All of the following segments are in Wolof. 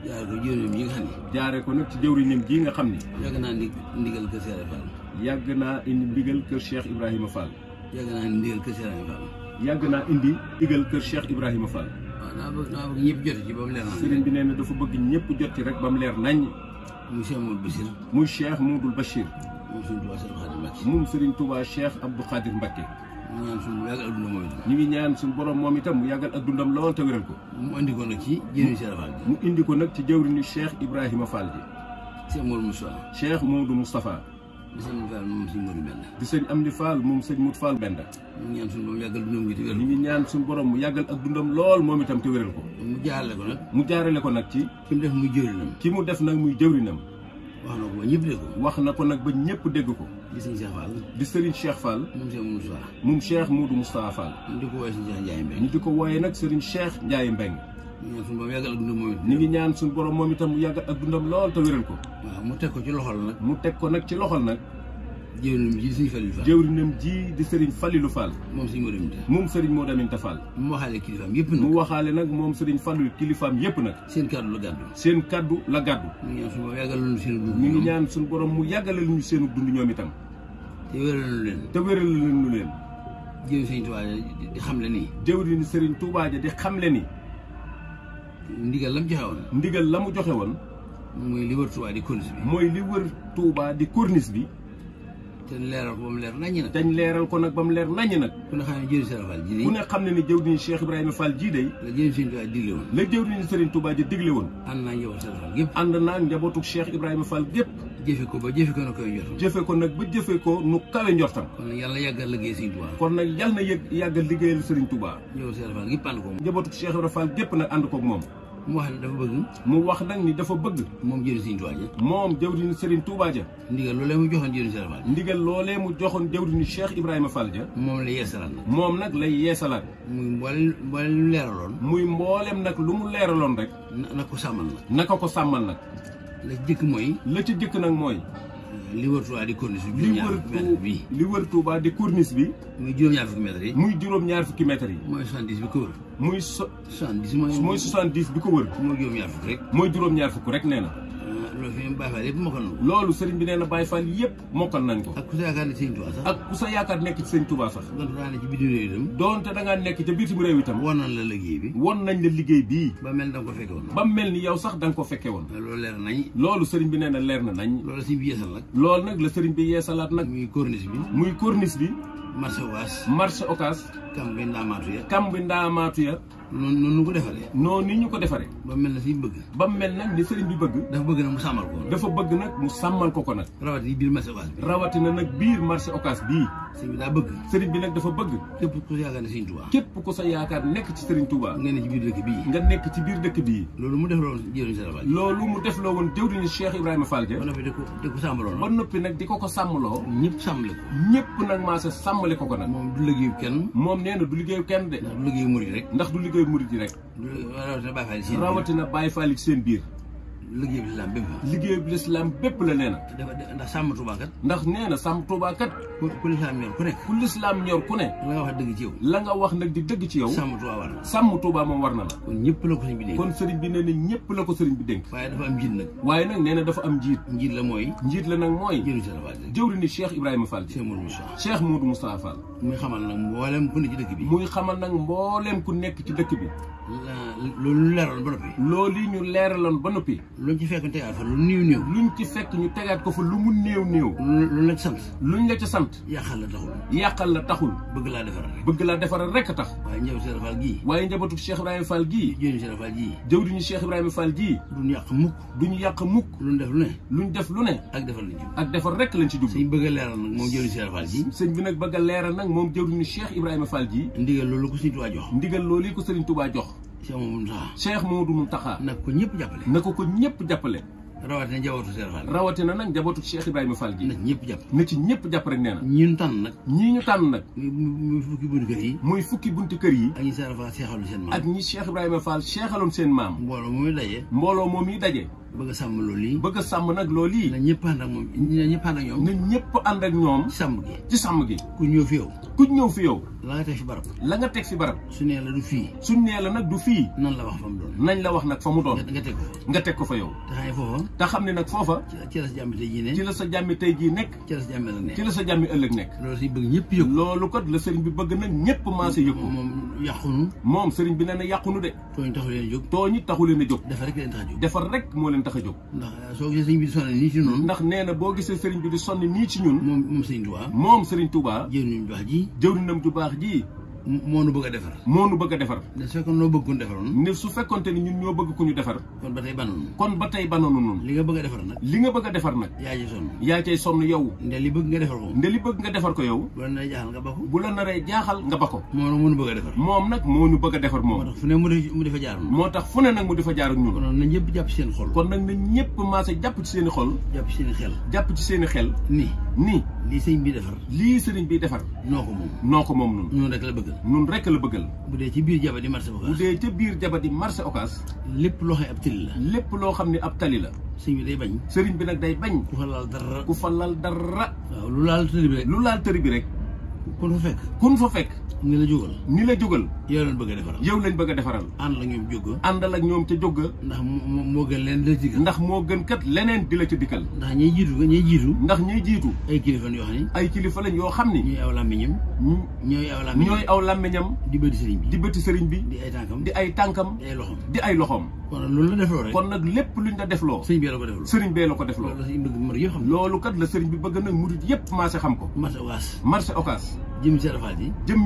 jaare ko jëwriñam yi nga xam ne jaare ko nag ci jëwriñam ji nga xam ne yàgg naa ndigal kër Cheikh Fall yàgg naa indi ndigal kër Cheikh Ibrahima Fall yàgg naa indi ndigal kër Cheikh Ibrahima Fall yàgg naa indi ndigal kër Cheikh Ibrahima Fall waaw naa bëgg naa bëgg ñëpp jot ci ba mu leer nañ sëriñ bi nee na dafa bëgg ñëpp jot ci rek ba mu leer nañ muy Cheikh Moudou Bachir muy Cheikh Moudou Bachir moom Serigne Touba Cheikh Abdou Khadir Mbacké moom Serigne Touba Cheikh Abdou Khadir Mbacké ñu ngi ñaan suñu borom moom itam mu yàggal ak dundam lool te ko. mu indi ko nag ci jëwriñu Cheikh Fall mu indi nag ci jëwriñu Cheikh Ibrahima Fall bi. Cheikh Modou Moustapha. Cheikh Modou Moustapha. di sëñ Fall moom sëñ Modou Benda. di sëñ Amdi Fall moom sëñ Modou Fall Benda. ñu ngi ñaan suñu borom yàggal dundam gi te wéral ko. ñu ñaan suñu borom mu yàggal ak dundam lool moom itam te wéral ko. mu jaarale ko nag. mu jaarale ko nag ci. ki mu def muy jëwriñam. ki mu def nag muy jëwriñam. wax na ko ba wax na ko nag ba ñëpp dégg ko di sëñ Cheikh Fall. di Serigne Cheikh Fall. moom Cheikh Moussa. moom Cheikh Moudou Moustapha Fall. ñu di ko wooyee sëñ Cheikh Ndiaye Mbengue. ñu di ko wooyee nag Serigne Cheikh Ndiaye Mbengue. ñu ngi ñaan suñu borom moom itam. ngi ñaan suñu borom moom itam mu yàggal ak dundam lool te wéral ko. mu teg ko ci loxol nag. mu teg ko nag ci loxol nag. jëwrinam ji Serigne ji di Serigne Fallou Fall. moom Serigne Modou Aminta. moom Serigne Modou Aminta Fall. mu waxaale kilifaam yëpp nag. nag moom Serigne Fallou kilifaam yëpp nag. seen kaddu la gàddu. seen kaddu la gàddu. ngi ñaan suñu borom mu yàggalal ñu seen dund ñoom itam. te wéral leen. te wéral ñu leen. jëwriñ Serigne Touba di xamle nii. jëwriñ Serigne Touba di xamle nii. ndigal la mu joxe woon. ndigal la mu joxe woon. mooy li wër Touba di corniche li wër di corniche bi te leeral ko leer naññ nag dañ leeral ko nag ba mu leer naññ nag ku ne xam ne jëwriñ Serigne Fall ji de ku ne xam ne ne jëwriñ Cheikh Ibrahima faal ji de la jëwriñ Serigne Touba digle woon la jëwriñ Serigne ji digle woon ànd naa njabootu ànd naa njabootu Cheikh Ibrahima Fall gépp jëfe ko ba jëfe ko na koy njortam jëfe ko nag ba jëfe ko nu kawe njortam kon nag yàlla yàggal liggéey Serigne Touba kon nag yàlla na yàggal liggéeyal Serigne Touba njabootu Serigne Fall gépp ànd ko njabootu Cheikh Ibrahima Fall gépp nag ànd koog moom mu wax ne dafa bëgg. mu wax nag ni dafa bëgg. moom jëriñ Serigne Touba ja. moom jëwriñ Serigne Touba ja. ndigal loolee mu joxoon jëriñ ni Fall. ndigal loolee mu joxoon jëwriñu Cheikh Ibrahima Fall ja. moom la yeesalaat moom nag lay yeesalaat. muy mboolem mboolem lu leeraloon. muy mboolem nag lu mu leeraloon rek. na na ko sàmmal nag. naka ko sàmmal nag. la jëkk mooy. la ci jëkk nag mooy. li wër de di corniche bi. li wër Touba di corniche bi. muy juróom-ñaar fukki mètres yi. muy juróom-ñaar fukki mètres yi. mooy loolu sëriñ bi nee na Baye Fall yëpp mokkal nañ ko. ak ku sa yaakaar ne sëriñ Touba sax. ak ku nekk ci sëriñ Touba sax. réew itam. won nañ la liggéey bi. ba mel ni da ko fekke woon. ba mel ni yow sax da nga ko fekke woon. loolu sëriñ bi nee na leer na nañ. loolu la sëriñ bi yeesal nag. loolu nag la sëriñ bi yeesalaat nag. muy corniche bi. muy corniche bi. marché Ocass. ya. kamb ya. non noonu ko defaree non ni ñu ko defaree ba mel na si bëgg ba mel nag ni sëriñ bi bëgg dafa bëgg nag mu sàmmal ko dafa bëgg nag mu sàmmal ko ko nag rawatina biir marché occas bi rawatina nag biir marché occas bii sëriñ bi daa bëgg sëriñ bi nag dafa bëgg képp ku sa yaakaar ne sëriñ Touba képp ku sa yaakaar nekk ci sëriñ Touba nga nekk ci biir dëkk bii nga nekk ci biir dëkk bii loolu mu def loo woon jëwriñ Cheikh Ibrahima loolu mu def loo woon jëwriñu Cheikh Ibrahima Fall ba noppi di ko di ko sàmmaloo ba noppi nag di ko ko sa ko ko du liggéeyu kenn du liggéeyu kenn de du liggéeyu rek ndax du liggéeyu murid yi rek rawatina Baye Fall seen biir liggéey bi lislaam bépp la. liggéey bi bépp la nee na. ndax sàmm Touba kat. ndax nee na sàmm Touba kat. ku ku lislaam ñor ku ne. ku lislaam ñor ku ne. la nga wax dëgg ci yow. la wax nag di dëgg ci yow. sàmm Touba war na. sàmm Touba moom war na la. kon ñëpp la ko sëriñ bi dénk. kon sëriñ bi nee na ñëpp la ko sëriñ bi dénk. waaye dafa am njiit nag. waaye nag nee na dafa am njiit. njiit la mooy. njiit la nag mooy. jëwriñu Cheikh Ibrahima Fall. Cheikh Moudou Moustapha Fall. muy xamal nag mboolem ku nekk ci muy xamal nag mboolem ku nekk ci dëkk bi. loolu ñu leeraloon ba noppi. loolu ñu leeraloon ba noppi luñ ci fekk ñu tegaat fa lu néew néew luñ ci fekk ñu tegaat ko fa lu mu néew néew luñ la ci sant luñ la ca sant yàqal la taxul yàqal la taxul bëgg laa defaral bëgg laa defaral rekk tax waaye njabootu Cheikh Fall gii waaye njabootu Cheikh Ibrahima Fall gii jëwriñu Cheikh Fall gii jëwriñu Cheikh Ibrahima Fall gii duñu yàq mukk duñu yàq mukk luñ def lu ne def lu ne ak defar lañ ci ak defar rekk lañ ci jublu sëñ bëgg a leeral nag moom jëwriñu Cheikh Fall gii sëñ a leeral nag moom jëwriñu Cheikh Ibrahima faal gii ndigal loolu ko sëñ Tuubaa jox ndigal loolu ko sëriñ Tuubaa jox Cheikh Moudou Mountakha. Cheikh Moudou Mountakha. na ko ñëpp jàppale. na ko ko ñëpp jàppale. rawatina njabootu Cheikh Fall rawatina nag njabootu Cheikh Ibrahima Fall gi na ci ñëpp jàpp na ci ñëpp jàpp rek nee na ñi ñu tànn nag ñii ñu tànn nag muy fukki yi muy fukki bunti yi ak ñi Cheikh Fall seexaloon seen maam ak ñi Cheikh Ibrahima seen maam mbooloo moomu daje mbooloo moomu daje bëgg a sàmm loolu lii bëgg a sàmm nag loolu yi na ñëpp ànd ak na ñëpp ànd ak ñoom na ñëpp ànd ak ñoom ci sàmm gi ci sàmm gi ku ñëw fi yow ku ñëw fi yow la nga teg fi barab la nga teg fi barab su nee la du fii su nee la nag du fii nan la wax fa mu doon nañ la wax nag fa mu doon nga teg ko nga teg ko fa yow te xam ne nag foofa ci la sa jàmmi tey jii nekk ci la sa jàmmi tey jii nekk ci la sa jàmmi ëllëg nekk sa jàmmi ëllëg nekk loolu sëriñ bëgg ñëpp yëg loolu kat la sëriñ bi bëgg nag ñëpp maase yëg ko moom yàqunu moom sëriñ bi nee na yàqunu de tooñ taxu leen a jóg tooñi taxu leen a jóg defar rek leen tax a rek moo leen tax a jóg ndax eh, soo gisee sëriñ bi di sonn ndax nee na boo gisee sëriñ bi di sonn nii ci ñun moom moom sëriñ Touba moom sëriñ Touba jëwriñam ju baax ji jëwriñam ju baax jii moo nu bëgg a defar moo nu bëgg a defar ne su fekkoon noo bëgg ku ñu defaroon ne su fekkonte ni ñun ñoo bëgg ku ñu defar kon ba tey banoonu kon ba tey banoonu noonu li nga bëgg a defar nag li nga bëgg a defar nag yaa cay sonn yaa cay sonn yow nde li bëgg nga defar ko nde li bëgg nga defar ko yow bu la naree jaaxal nga ba ko bu la naree jaaxal nga ba ko moom moo nu bëgg a defar moom nag moo nu bëgg a defar moom moo tax fu ne mu di fa jaar moo tax fu ne nag mu di fa jaar ak ñun kon na ñëpp jàpp ci seen xol kon nag na ñëpp maase jàpp ci seen i xol jàpp ci seen i xel jàpp ci seen i xel nii ni li sëriñ bi defar li sëriñ bi defar noko mom noko mom nun rek la bëggal nun rek la bëggal bu dee ci biir jaba di marché occas bu dee ca biir jaba di marché okas lepp lo xé ne ab tali la lepp lo xamni ne ab tali la sëriñ bi day bañ sëriñ bi nak day bañ ku fa laal dara ku fa laal dara lu laal bi rek lu laal bi rek kun fa fekk kun fa fekk ni la jógal ni la jógal yow lañ bëgg a defaral yow lañ bëgg a defaral ànd la ñoom jóg àndal ak ñoom ca jóg ndax moo gën leneen di la ci dikkal ndax moo gën kat leneen di la ci dikkal ndax ñuy jiitu ñuy jiitu ndax ñuy ay kilifa ay kilifa lañ aw aw aw di bëti sëriñ bi di bëti sëriñ bi di ay tànkam di ay tànkam di ay loxom di ay loxom kon nag lépp luñ la defloo sëriñ bee la ko defloo sëriñ bee la ko defloo loolu kat la sëriñ bi bëgg nag murit yëpp marché xam ko marché occas jëm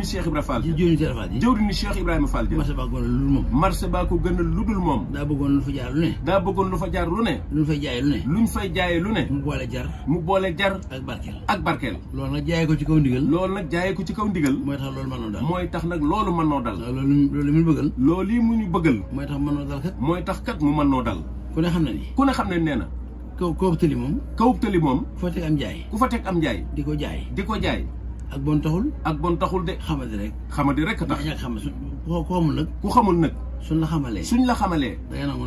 Cheikh Ibra Fall ji jëmmi Cheikh Ibra Fall ji jëwriñu Cheikh Ibra Fall ji jëwriñu baa ko gënal lu dul moom marché baa ko lu dul moom daa bëggoon lu fa jaar lu ne daa bëggoon lu fa jaar lu ne fay jaayee lu ne luñ fay jaayee lu ne mu boole jar mu boole jar ak barkeel ak barkeel loolu nag jaayee ko ci kaw ndigal loolu nag jaayee ko ci kaw ndigal mooy tax loolu mën noo dal mooy tax nag loolu mën noo dal loolu loolu mu bëggal loolu yi mu ñu bëggal mooy tax mën noo dal kat mooy tax kat mu man noo dal ku xam ne ku ne xam ne nee na kaw kawub tëli moom kawub tëli moom ku fa teg ku fa teg am jaay di ko jaay di ko jaay ak bon taxul ak bon taxul de xamadi rek xamadi rek tax ñàkk xam su ko xamul nag ku xamul nag suñ la xamalee suñ la xamalee da ngay nangu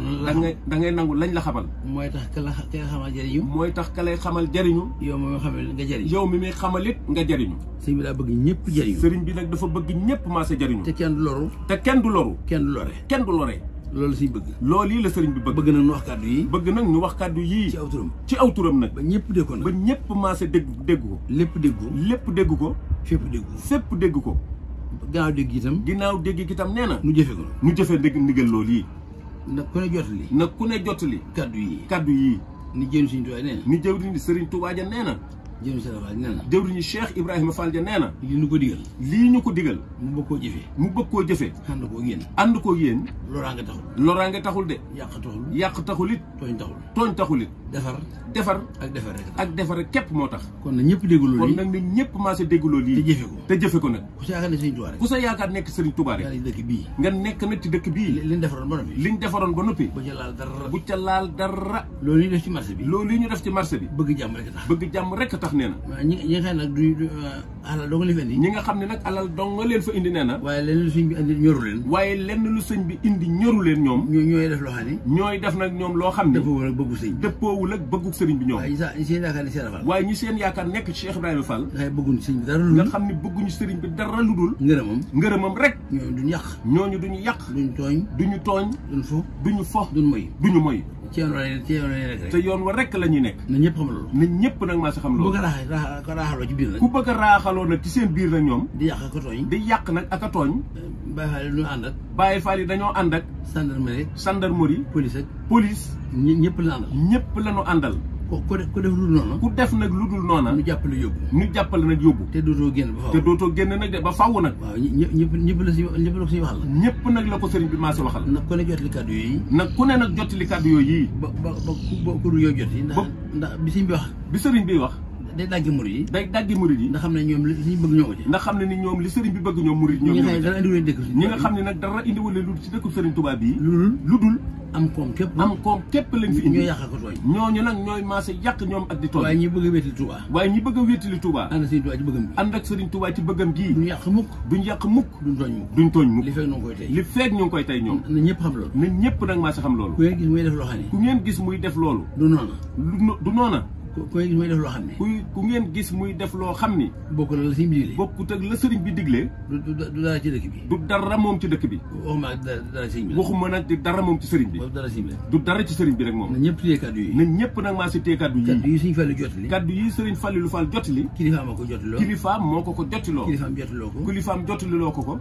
da ngay nangu lañ la xamal mooy tax ka la ka la xamal jëriñu mooy tax ka xamal jëriñu yow mi muy xamal nga jëriñ yow mi muy xamal it nga jëriñu sëriñ bi laa bëgg ñëpp jëriñu sëriñ bi nag dafa bëgg ñëpp maase jëriñu te kenn du loru te kenn du kenn du lore kenn du lore loolu si bëgg loolu yi la sëriñ bi ba bëgg nag ñu wax kàddu yi bëgg nag ñu wax kàddu yii ci aw turam ci aw turam nag ba ñëpp dégg ko ñëpp maase dégg dégg ko lépp dégg ko lépp dégg ko fépp dégg ko fépp dégg ko ginnaaw dégg itam ginnaaw dégg itam nee na nu jëfe ko nu jëfe dégg ndigal loolu yi nag ku ne jot li nag ku ne jot li kàddu yi kàddu yi ni jëwriñ sëriñ Tuubaa nee na ni jëwriñ sëriñ Tuubaa ja nee na jëwriñ Sëriñ Fall ja nee na jëwriñ Ibrahima Fall ja nee na lii ñu ko digal lii ñu ko digal mu bëgg koo jëfee mu bëgg koo jëfee ànd koo yéen ànd koo yéen loraange taxul. loraange taxul de. yàq taxul yàq taxul it. tooñ taxul tooñ taxul it. defar defar. moo tax. kon nag ñëpp déglu loolu kon nag ñëpp maase déglu loolu yi. te jëfe ko te jëfe ko nag. ku sa yaakaar ne Serigne Touba rek. ku sa yaakaar nekk Serigne ba noppi. liñ defaroon ba noppi. def ci marché bi. loolu yi ñu def ci marché bi. bëgg jàmm rek tax bëgg jàmm tax nee na. ñi ñi nga xam ne nag uh, alal dong fa indi. ñi nga xam ne nag alal dong nga leen fa na. waaye lenn lu sëñ bi indi ñoru leen. waaye lenn lu bi indi ñoru leen ñoom. ñooy def loo xam ne. ñooy def nag ñoom loo xam ne. dëppoowul ak bëggu sëriñ bi dëppoowul ak bëggu sëriñ bi ñoom. waaye ñi seen yaakaar nekk ci Cheikh Ibrahima Fall. nga xam ne bëgguñu sëriñ bi dara lu dul. ngërëmam ngërëmam rek. ñooñu duñu yàq. ñooñu duñu yàq. duñu tooñ duñu tooñ. duñu fo duñu fo duñu moy duñu moy ci yoon te yoon wa rek la ñuy nekk. na ñëpp xam loolu. ñëpp nag maa si xam loolu. ku bëgg a raaxaloo ci biir nag. ku bëgg raaxaloo nag ci seen biir nag ñoom. di yàq ak a tooñ. di yàq nag ak a tooñ. Baye Fall yi dañoo ànd ak. Baye Fall yi dañoo ànd ak. gendarmerie. ñëpp la àndal. ñëpp la ñu àndal. ku ku def lu dul noonu. ku def nag lu dul noonu. ñu jàppale yóbbu. ñu jàppale nag yóbbu. te dootoo génn ba faaw dootoo génn nag de ba faaw nag. waaw ñëpp ñëpp la si ñëpp la ko si waxal. ñëpp nag la ko sëriñ bi maa si waxal. nag ku ne jotali kàddu yooyu. nag ku ne nag jotali kàddu yooyu. ba ba ba ku ba ku dul yow jot yi. ndax ndax bi sëriñ bi wax. bi sëriñ bi wax. day daggi murid yi day daggi murid yi ndax xam ne ñoom li xam ne ni ñoom li sëriñ bi bëgg ñoom murid ñoom ñi nga xam ne nag dara indiwul leen lu ci dëkku sëriñ Touba bii lu dul am koom képp am fi indi ñoo yàq ñoom tooñ ñooñu nag ñooy maase yàq ñoom ak di tooñ waaye ñi bëgg a wéetali Touba a wéetali Touba ànd ak sëriñ Touba ci bëggam ànd ak sëriñ Touba yàq mukk duñ tooñ mukk duñ tooñ mukk li feeg ñoo koy tey li feeg ñoo ngi koy tey ñoom na ñëpp xam loolu na ñëpp nag maase xam loolu ku ngeen gis muy def loolu ku ngeen gis muy def loolu du noona du noona ku ngeen gis muy def loo xam ne. kuy ku ngeen gis muy def loo xam ni. bokkul la sëriñ bi digle. bokkut ak la sëriñ bi digle. du du dara ci dëkk bi. du dara moom ci dëkk bi. waxuma ak dara sëriñ bi. waxuma nag di dara moom ci sëriñ bi. du dara ci sëriñ bi rek moom. na ñëpp téye kaddu yi. na ñëpp nag maa si téye kaddu yi. kaddu yi sëriñ Fallu jotali. kaddu yi sëriñ Fallu Fall jotali. kilifaam moo ko jotaloo. kilifaam moo ko ko jotaloo. kilifaam jotaloo ko. kilifaam jotaliloo ko ko.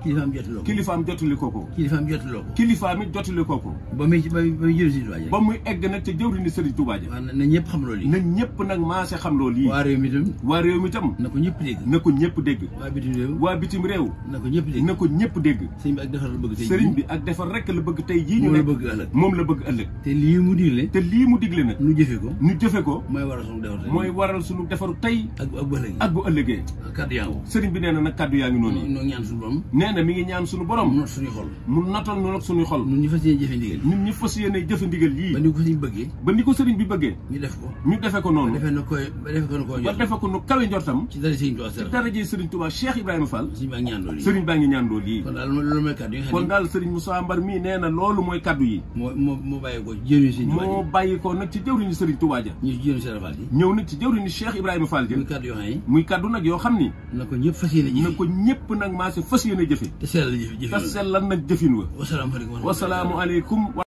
kilifaam jotali ko ko. kilifaam jotaloo ko. kilifaam it jotali ko ko. ba muy ba muy jëw sëriñ Tuubaa ja. ba muy egg nag te jëwri ni sëriñ Tuubaa ja. na ñëpp xam loolu na ñëpp nak ma sa xam lo li wa rew mi tam wa rew mi tam nako ñepp deg nako ñepp deg wa bitim rew wa bitim rew nako ñepp deg nako ñepp deg ñëpp bi ak defal la bëgg tay sëriñ bi ak defal rek la bëgg tay ji ñu la bëgg ëlëk mom la bëgg ëlëk te li mu digle te li mu digle nak ñu jëfé ko ñu jëfé ko moy waral suñu defal tay moy waral suñu defal tay ak bu ëllëgee ak bu ëlëgé kaddu yaa ngi sëriñ bi neena nak kaddu yaa ngi noonu yi ñaan suñu borom neena mi ngi ñaan suñu borom mu suñu xol mu natal nu nak suñu xol ñu ñu fasiyé jëfé ndigal ñu ñu fasiyé ne jëfé ndigal yii ba ni ko sëriñ bëggee ba ni ko sëriñ bi bëggee ñu def ko ñu defé ko noonu defe na koy defe ko nu koy njort defe ko nu kawe njortam ci dara Serigne Touba ci dara ji Serigne baa ngi ñaandoo lii kon daal loolu mooy Mbar mii nee na loolu mooy kaddu yi moo moo moo bàyyi ko jëriñu Serigne ci jëwriñu Serigne Touba ja ñu jëriñu ci jëwriñu Cheikh Ibrahima Fall ja muy kaddu yoo xam ne muy kaddu nag yoo xam ni na ko ñëpp nag maa si fas yéene jëfe te sellal nag jëfin wa wasalaamu aleykum